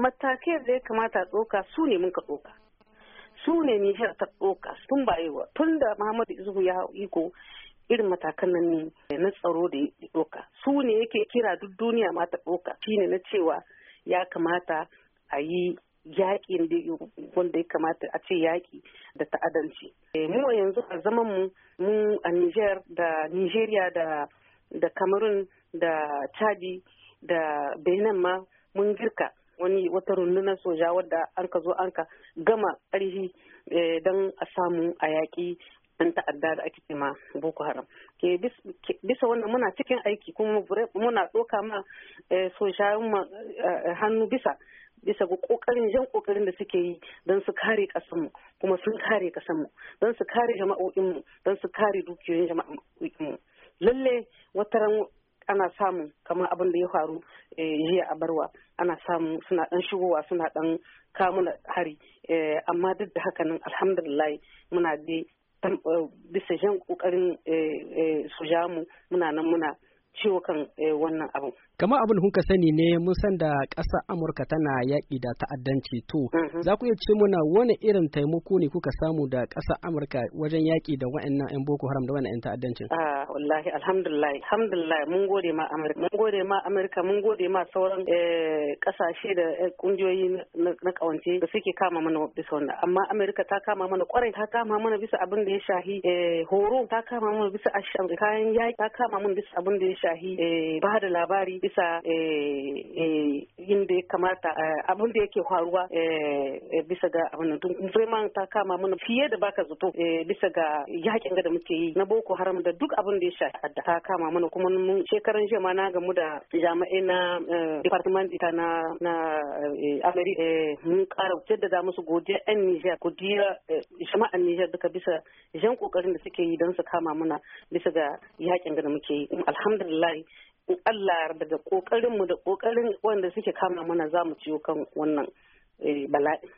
matakai da ya kamata tsoka su ne mun ka tsoka su ne Nijar ta tsoka tun bayewa tun da Muhammadu Izuhu ya iko irin matakan nan ne na tsaro da ya tsoka su ne yake kira duk duniya ma ta tsoka shine na cewa ya kamata a yi yaƙin wanda ya kamata a ce yaƙi da ta'adanci. E, mu a yanzu a zaman mu mu a Niger da Nigeria da da Cameroon da Chadi da Benin ma mun girka wani wata rundunar soja wadda an ka zo an ka gama ƙarfi eh, don a samu a yaƙi an ta'adda da ake cema boko haram ke bisa wannan muna cikin aiki kuma muna ɗoka ma eh, soja eh, hannu bisa bisa ga kokarin jan kokarin da suke yi don su kare kasanmu kuma sun kare kasanmu don su kare jama'o'inmu don su kare dukiyoyin jama'o'inmu lalle wataran ana samun kamar abin da ya faru eh, jiya a barwa ana samu suna dan shigowa suna dan kamuna hari eh, amma duk da haka hakanan alhamdulillah muna dai eh, bisa jan kokarin su muna nan muna ciwo kan eh, wannan abu. Kamar abin kuka sani ne mun san da ƙasar Amurka tana yaƙi da ta'addanci to mm-hmm. za ku iya ce muna wani irin taimako ne kuka samu da ƙasar Amurka wajen yaƙi da wa'annan 'yan Boko Haram da wannan 'yan ta'addancin? Ah wallahi alhamdulillah alhamdulillah mun gode ma Amurka mun gode ma Amurka mun gode ma sauran eh, ƙasashe da eh, ƙungiyoyi na ƙawance da suke kama mana bisa wannan amma Amurka ta kama mana kwarai ta kama mana bisa abin da ya shahi horo ta kama mana bisa kayan yaƙi ta kama mana bisa abin da ya shahi eh, ba da labari bisa eh, eh, yin da ya kamata eh, abin da yake faruwa eh, eh, bisa ga abin vraiment ta kama mana fiye da baka zato bisa ga yakin da muke yi na boko haram da duk abin da ya shafi adda ta kama mana kuma mun shekaran jiya ma na gamu da jami'ai na department ita na na ameri mun kara jaddada musu godiya yan Niger godiya jama'an Niger duka bisa jan kokarin da suke yi don su kama mana bisa ga yakin da muke yi alhamdulillah in Allah yarda da kokarin mu da kokarin wanda suke kama mana za mu ciyo kan wannan eh, bala'in.